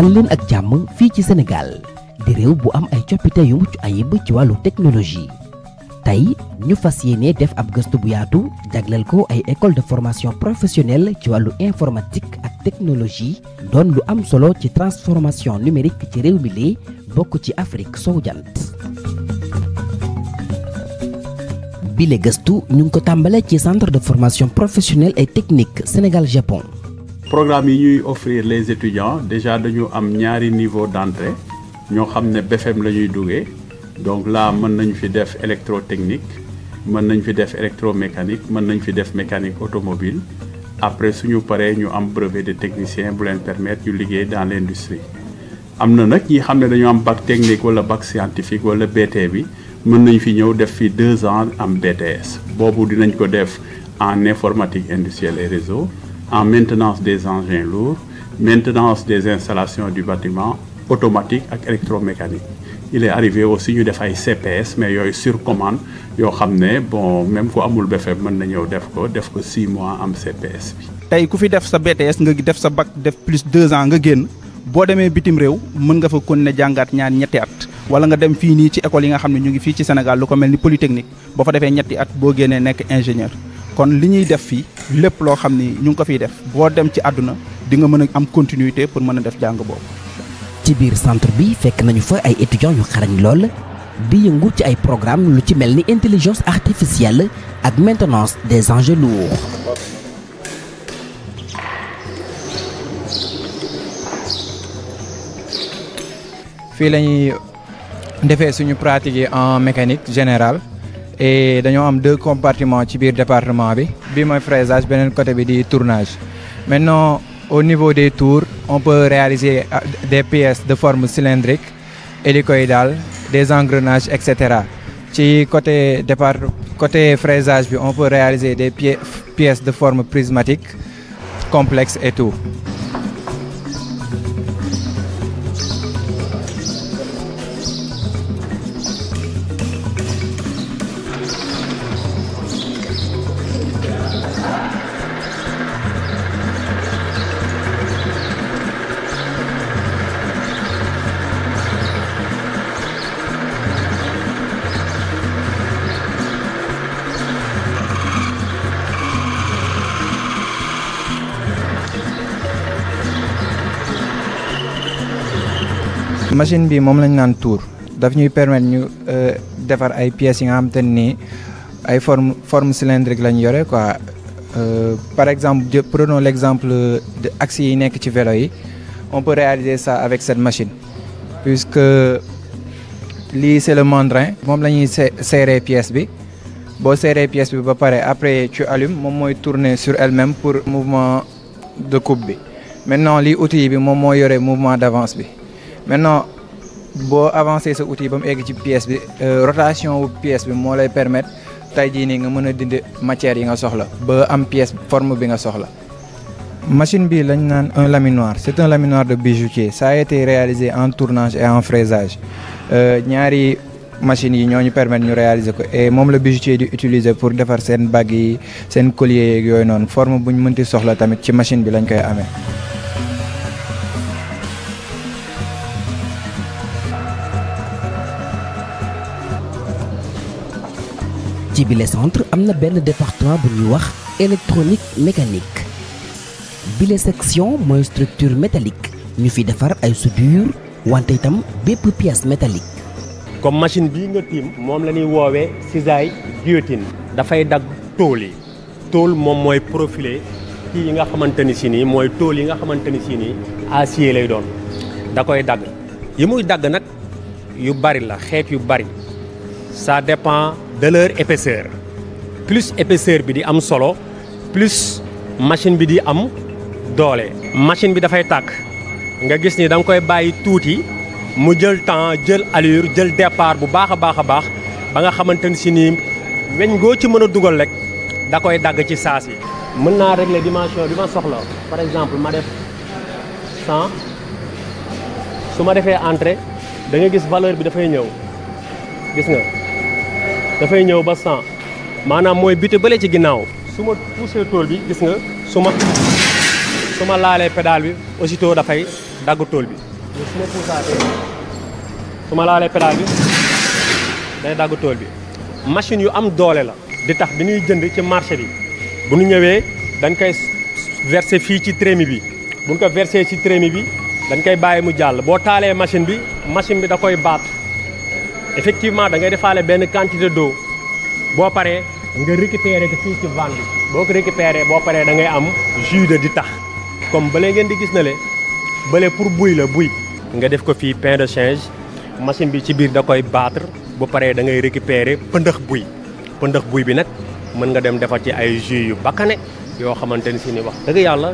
dal leen ak jàmm fii ci Sénégal di réew bu am ay coppite yu mucc ayib ci wàllu technologie tey ñu fas yéene def ab gëstu bu yaatu jagleel ko ay école de formation professionnelle ci wàllu informatique ak technologie doon lu am solo ci transformation numérique ci réew mi lee bokk ci Afrique sow jant bile gëstu ñu ngi ko tàmbalee ci centre de formation professionnelle ay technique Sénégal Japon programme yi ñuy offrir les étudiants déjà dañu am ñaari niveau d'entrée ñoo xam ne BFEM la ñuy duggee donc là mën nañu fi def électrotechnique mën nañu fi def électromécanique mën nañu fi def mécanique automobile après suñu paree ñu am brevet de technicien bu leen permettre yu liggéey dans l'industrie am na nag ñi xam ne dañu am bac technique wala bac scientifique wala BT bi mën nañu fi ñëw def fi deux ans am BTS boobu dinañ ko def en informatique industrielle et réseau en maintenance des engins lourds maintenance des installations du bâtiment automatique ak électromécanique il est arrivé aussi ñu def ay CPS mais yooyu sur commande yoo xam ne bon même ku amul BFEM mën na ñëw def ko def ko 6 mois am CPS bi. tey ku fi def sa BTS nga def sa bac def plus 2 ans nga génn boo demee bitim réew mën nga fa kon ne jàngaat ñaar ñetti at. wala nga dem fii nii ci école yi nga xam ne ñu ngi fii ci Sénégal lu ko mel ni polytechnique boo fa defee at boo génnee nekk ingénieur. kon li ñuy def fii lépp loo xam ni ñu ngi ko fiy def boo dem ci àdduna di nga mën a am continuité pour mën a def jàng boobu. ci biir centre bi fekk nañu fa ay étudiants xarañ lool bi yëngu ci ay programme lu ci mel ni intelligence artificielle ak maintenance des engins lourds. fii lañuy ñuy defee suñu pratiquer en mécanique générale. et dañoo am deux compartiments ci biir département bi bii mooy fraisage beneen côté bii di tournage maintenant au niveau des tours on peut réaliser euh, des pièces de forme cylindrique hélicoïdale des engrenages et cetera ci côté départ côté fraisage bi on peut réaliser des pièces de forme prismatique complexe et tout machine bi moom lañu naan tour daf ñuy permettre ñu euh, defar ay pièces yi nga xam te nii ay forme forme cylindrique lañ yore quoi euh, par exemple je prenons l' exemple de axes yi nekk ci velo yi on peut réaliser ça avec cette machine puisque lii c' est le mandrin moom la ñuy serrer pièce bi boo serree pièce bi ba pare après tu allumes moom mooy tourner sur elle-même pour mouvement de coupe bi maintenant lii outil bi moom moo yore mouvement d' avance bi maintenant boo avancé sa outil ba mu egg ci pièce bi euh, rotation wu pièce bi moo lay permettre tey jii nii nga mën a di matière yi nga soxla ba am pièce forme bi nga soxla. machine bi lañ naan un laminoir c'est un laminoir de bijoutier ça a été réalisé en tournage et en fraisage euh, ñaari machines yi ñoo ñu permettre ñu réalisé ko et moom la bijoutier di utiliser pour defar seen bagues yi seen collier yeeg yooyu noonu forme bu ñu mënti soxla tamit ci machine bi lañ koy amee. ci bile centre am na benn département bu ñuy wax électronique mécanique bile section mooy structure métallique ñu fi defar ay soudure wante itam bépp pièce métallique comme machine bii nga tiim moom la ñuy woowee cisaille guillotine dafay dagg tôle yi tôle moom mooy profilé kii yi nga xamante ni si nii mooy tôle yi nga xamante ni si nii acier lay doon da koy dagg yi muy dagg nag yu bari la xeet yu bari ça dépend de leur épaisseur plus épaisseur bi di am solo plus machine bi di am doole. machine bi dafay tàkk nga gis ni da nga koy bàyyi tuuti mu jël temps jël allure jël départ bu baax a baax a baax ba nga xamante ni si nii weñ goo ci mën a dugal rek da koy dagg ci saa si. mën naa régler dimension bi ma soxla par exemple ma def cent su ma defee entrée da nga gis valeur bi dafay ñëw gis nga. dafay ñëw ba 100 maanaam mooy buté bële ci ginnaaw su ma poussé tool bi gis nga su ma su ma laalee pédale bi aussitôt dafay daggutool bi su ma puusaatee su day dagg tool bi machine yu am doole la di tax bi ñuy jënd ci marché bi bu ñu ñëwee dañ koy verser fii ci trémi bi buñ ko verser ci trémi bi dañ koy bàyyi mu jàll boo taalee machine bi machine bi da koy baat effectivement da ngay defaale benn quantité d'eau boo paree nga récupérer ko fii ci vanne bi boo ko récupérer boo paree dangay am jus di tax comme bële ngeen di gis na le bële pour buy la buy nga def ko fii pain de change machine bi ci biir da koy battre bu paree da ngay récupérer pëndëx buy pëndax buy bi nag mën nga dem defar ci ay jus yu bakkane yoo xamante ni si ni wax dëgg yàlla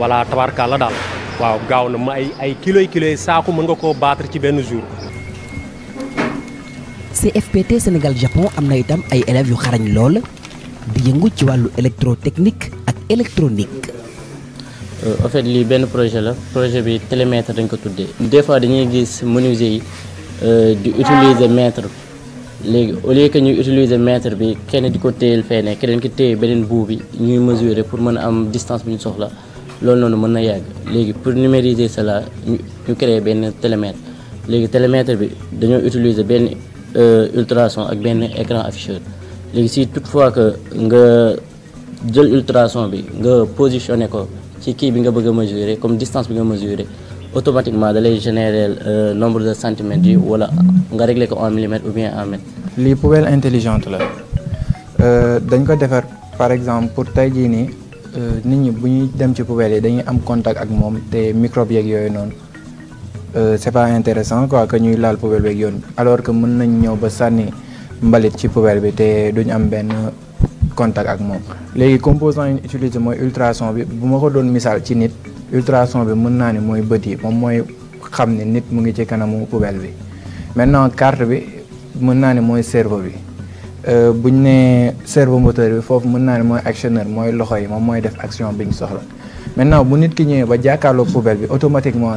wala tabarka la daal waaw gaaw na ma ay ay kilo kiloy saaku mën nga koo battre ci benn jour CFPT Sénégal Japon am na itam ay élèves yu xarañ lool di yëngu ci wàllu technique ak électronique. Euh, en fait lii benn projet la projet bi télémètre dañ ko tuddee. des fois dañuy gis menuisier yi euh, di utiliser ah. mètre léegi au lieu que ñuy utiliser mètre bi kenn di ko téyel feneen keneen ki téye beneen bout bi ñuy mesurer pour mën a am distance bi ñu soxla loolu noonu mën na yàgg léegi pour numériser cela ñu créer benn télémètre léegi télémètre bi dañoo utiliser benn. Euh, ultrason ak benn écran afficheur léegi si fois que nga jël ultrason bi nga positionné ko ci kii bi nga bëgg a mesurer comme distance bi nga mesurer automatiquement da lay générer euh, nombre de centimètres yi wala nga régler ko en millimètre ou bien en mètre. lii poubelle intelligente la euh, dañ ko defar par exemple pour tey jii nii nit ñi bu ñuy dem ci poubelle yi dañuy am contact ak moom te microbe yeeg yooyu noonu. Euh, c'est pas intéressant quoi que ñuy laal poubelle beeg yoon alors que mën nañ ñëw ba sànni mbalit ci poubelle bi te duñ am benn contact ak moom. léegi composant yi ñu mooy ultrason bi bu ma ko doon misaal ci nit ultrason bi mën naa ne mooy bët yi moom mooy xam ni nit mu ngi ci kanamu poubelle bi maintenant carte bi mën naa ne mooy cerveau bi. Euh, bu ñu nee cerveau moteur bi foofu mën naa ne mooy actionneur mooy loxo yi moom mooy def action bi ñu soxla maintenant bu nit ki ñëwee ba jàkkaarloo poubelle bi automatiquement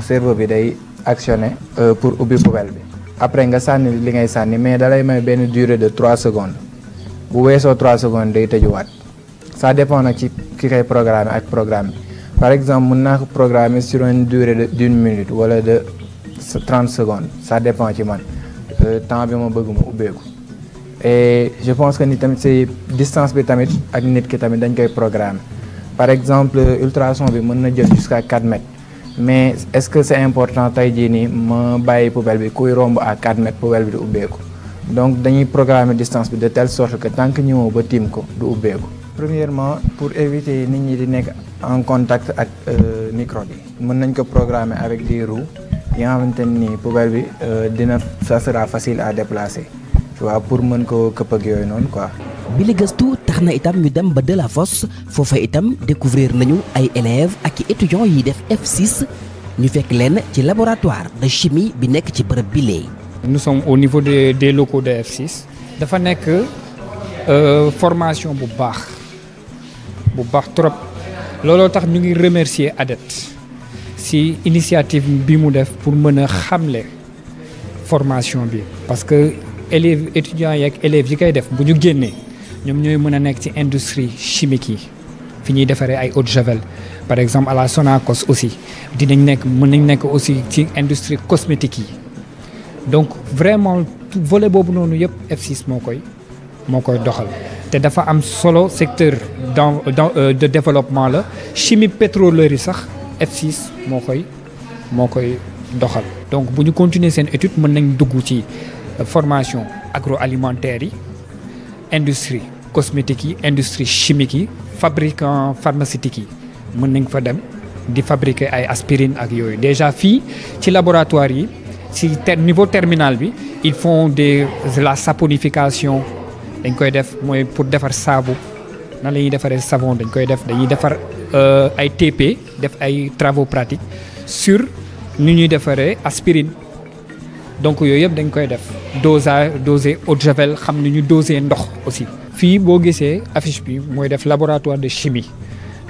actionné euh, pour ubbi poubelle bi après nga sànni li ngay sànni mais dalay may benn durée de trois secondes bu weesoo trois secondes day tëjuwaat ça dépend nag ci ki koy programmer ak programme bi par exemple mun naa ko programmer sur une durée de d'une wala de trente secondes ça dépend ci man euh, temps bi ma bëgg mu ubbeeku et je pense que ni tamit c'est distance bi tamit ak nit ki tamit dañ koy programme par exemple ultrason bi mën na jël jusqu'à 4 mètres mais est-ce que c'est important tey jii nii ma bàyyi poubelle bi kuy romb à 4 mètres poubelle bi du ubbeeku donc dañuy programmer distance bi de telle sorte que tant que ñëwoo ba tiim ko du ubbeeku. premièrement pour éviter nit ñi di nekk en contact ak euh, microbe yi. mën nañ ko programmer avec des roues yi nga xamante ni poubelle bi euh, dina ça facile à déplacer tu pour mën ko këpp yooyu noonu quoi. bi tax na itam ñu dem ba de la Delafosse foofa itam découvrir nañu ay élèves ak i étudiants yi def F6 ñu fekk leen ci laboratoire de chimie bi nekk ci bërëb bi nu nous au niveau des des locaux de F6. dafa nekk euh, formation bu baax bu baax trop looloo tax ñu ngi remercier ADET si initiative bi mu def pour mën a xamle formation bi parce que élèves étudiants yeeg élèves yi koy def bu ñu génnee. ñoom ñooy mën a nekk ci industrie chimique yi fi ñuy defaree ay eau javel par exemple à la Sonacos aussi dinañ nekk mën nañu nekk aussi ci industrie cosmétique yi donc vraiment volet boobu noonu yëpp f moo koy moo koy doxal te dafa am solo secteur dans euh, de développement la chimie pétrolière yi sax f moo koy moo koy doxal donc bu ñu continuer seen étude mën nañ dugg ci formation alimentaire yi industrie cosmétique yi industrie chimique yi fabricant pharmaceutique yi mën nañ fa dem di fabriquer ay aspirine ak yooyu déjà fii ci laboratoire yi si niveau terminal bi il font des la saponification dañ koy def mooy pour defar saabu na la ñuy defaree savon dañ koy def dañuy defar euh, ay TP def ay travaux pratiques sur ni ñuy defaree aspirine donc yooyu yëpp dañ koy def dosage dosé eau de javel xam ni ñu dosé ndox aussi. fii boo gisee affiche bi mooy def laboratoire de chimie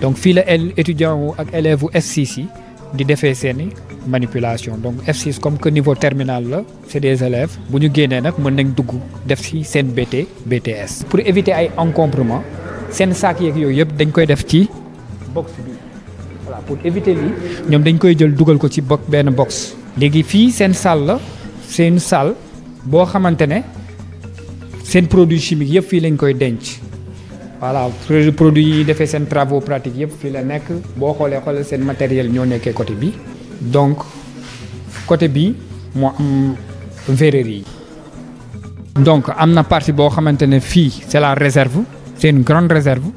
donc fii la étudiant wu ak élève wu F6 yi di defee seeni manipulation donc F6 comme que niveau terminal la c'est des élèves bu ñu génnee nag mën nañ dugg def ci seen BT BTS. pour éviter ay encombrement seen saak yeeg yooyu yëpp dañ koy def ci box bi pour éviter lii ñoom dañ koy jël dugal ko ci box benn box. léegi fii seen salle la. seen est salle boo xamante ne seen produit chimique yëpp fii lañ koy denc voilà produit yi defee seen travaux pratique yëpp fii la nekk boo xoolee xoolee seen matériel ñoo nekkee côté bi donc côté bi moo am verrerie yi. donc am na partie boo xamante ne fii c' est la réserve c' grande réserve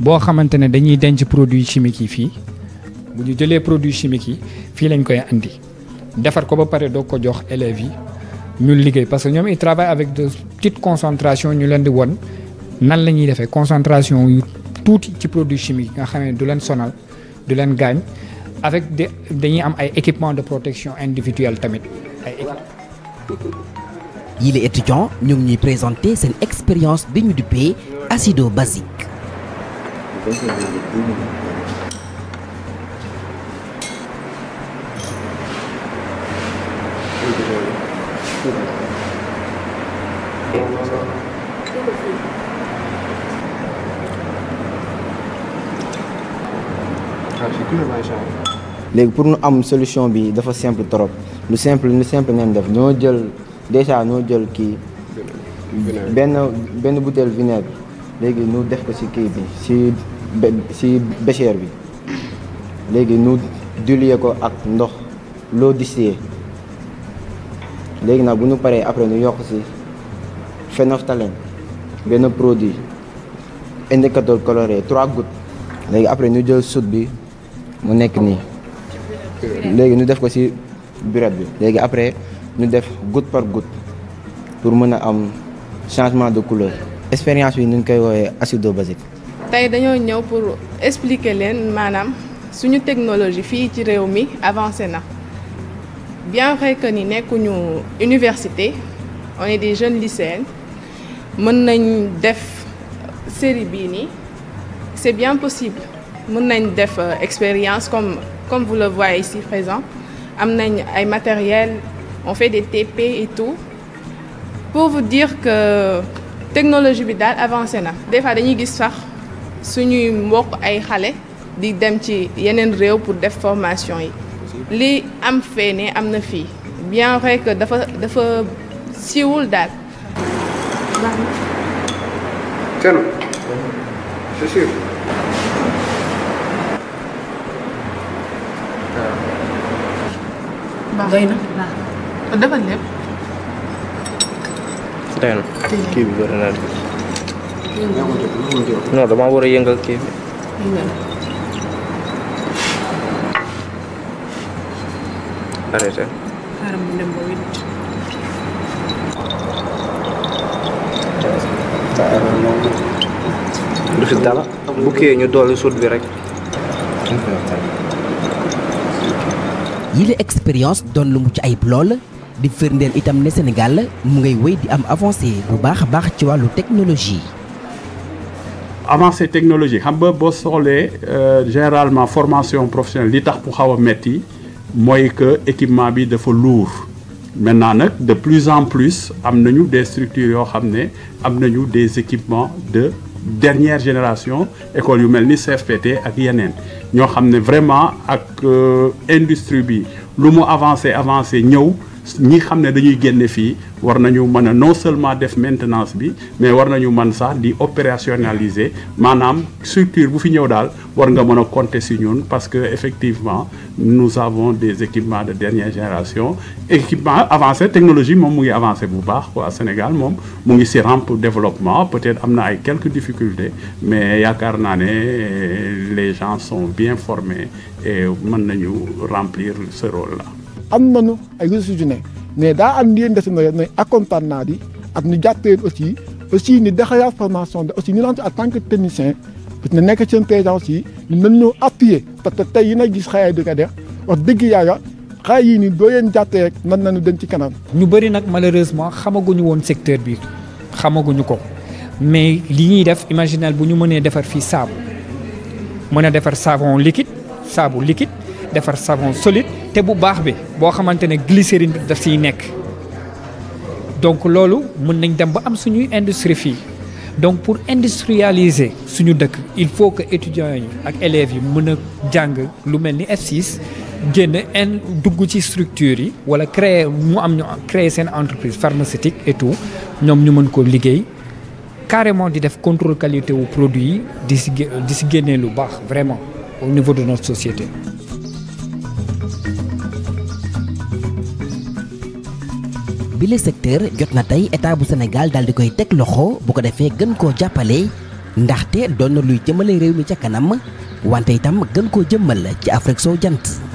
boo xamante ne dañuy denc produit chimique yi fii bu ñu jëlee produit chimique yi fii lañ koy indi defar ko ba pare doog ko jox élèves yi ñu liggéey parce que ñoom ils travaillent avec de petites concentrations ñu leen di won nan la ñuy defee concentration yu tuuti ci produit chimique nga xam ne du leen sonal du leen gaañ avec des dañuy am ay équipement de protection individuelle tamit ay. yii les étudiants ñu ngi ñuy présenté seen expérience bi ñu duppee acido basique. léegi pour nu am solution bi dafa simple trop lu simple lu simple neen def ñoo jël déjà ñoo jël kii benn benn bouteille vinaigre léegi nu def ko ci kii bi ci ci béchère bi léegi nu diluer ko ak ndox l'eau distillée léegi nag bu ñu paree après nu yokk ci phénolphtalène benn produit indicateur coloré trois gouttes léegi après ñu jël soude bi mu nekk nii léegi ñu def ko ci burette bi léegi après ñu def goutte par goutte pour mën a am changement de couleur expérience bi nu ngi koy woowee acido basique tey dañoo ñëw pour expliquer leen maanaam suñu technologie fii ci réew mi avancé na bien vrai que ni nekkuñu université on est des jeunes lycéens mën nañ def série bii nii c'est bien possible mun nañ def euh, expérience comme comme vous le voyez ici présent am nañ ay matériel on fait des TP et tout pour vous dire que technologie bi daal avancé na des fois dañuy gis sax suñuy mbokk ay xale di dem ci yeneen réew pour def formation yi li am fee ne am na fii bien vrai que dafa dafa siiwul daal c'est sûr doy na. kii bi doy na. non damaa war a yëngal kii bi. arrêté. xaaral du fi dara. bu kii ñu dolli suut bi rek. yile expérience doon lu mucc ayib lool di firndeel itam ne Sénégal mu ngay wéy di am avancé bu baax a baax ci wàllu technologie. avancé technologie xam nga boo soxlee euh, généralement formation professionnelle li tax mu xaw a metti mooy que équipement bi dafa lourd. maintenant nag de plus en plus am nañu des structures yoo xam ne am nañu des équipements de. dernière génération école yu mel ni CFPT ak yeneen ñoo xam ne vraiment ak euh, industrie bi lu mu avancé avancé ñëw ñi xam ne dañuy génne fii war nañu mën a non seulement def maintenance bi mais war nañu man sax di opérationnaliser maanaam structure bu fi ñëw daal war nga mën a compter si ñun parce que effectivement nous avons des équipements de dernier génération équipement avancé technologie moom mu ngi avancé bu baax waa Sénégal moom mu ngi si rampe développement peut-être am na ay quelques difficultés mais yaakaar naa ne euh, les gens sont bien formés et mën nañu remplir ce rôle am nañu ay ressources yu ne mais daa am li leen dese mooy mooy accompagnement bi ak ñu jàppale aussi aussi ni daxayaa formation bi aussi ñu naan en tant que technicien parce na nekk seen président aussi ñu mën ñoo appuyer parce que tey yi na gis xale di ko def wax dëgg yàlla xale yii nii doo yeen jàppee rek mën nañu dem ci kanam. ñu bëri nag malheureusement xamaguñu woon secteur bi xamaguñu ko mais li ñuy def imaginal bu ñu mënee defar fii saabu mën a defar savon liquide saabu liquide. defar savon solide te bu baax bi boo xamante ne glycérine bi daf siy nekk donc loolu mën nañ dem ba am suñuy industrie fii donc pour industrialiser suñu dëkk il faut que étudiants yi ak élèves yi mën a jàng lu mel ni F6 génn dugg ci structures yi wala créer mu am ñu créer seen entreprise pharmaceutique et tout ñoom ñu mën ko liggéey carrément di def contrôle qualité wu produit yi di si di si génnee lu baax vraiment au niveau de notre société bile le jot na tey état bu Sénégal daal di koy teg loxo bu ko defee gën koo jàppale ndaxte doon na luy jëmale réew mi ca kanam wante itam gën koo jëmmal ci Afrique soo jant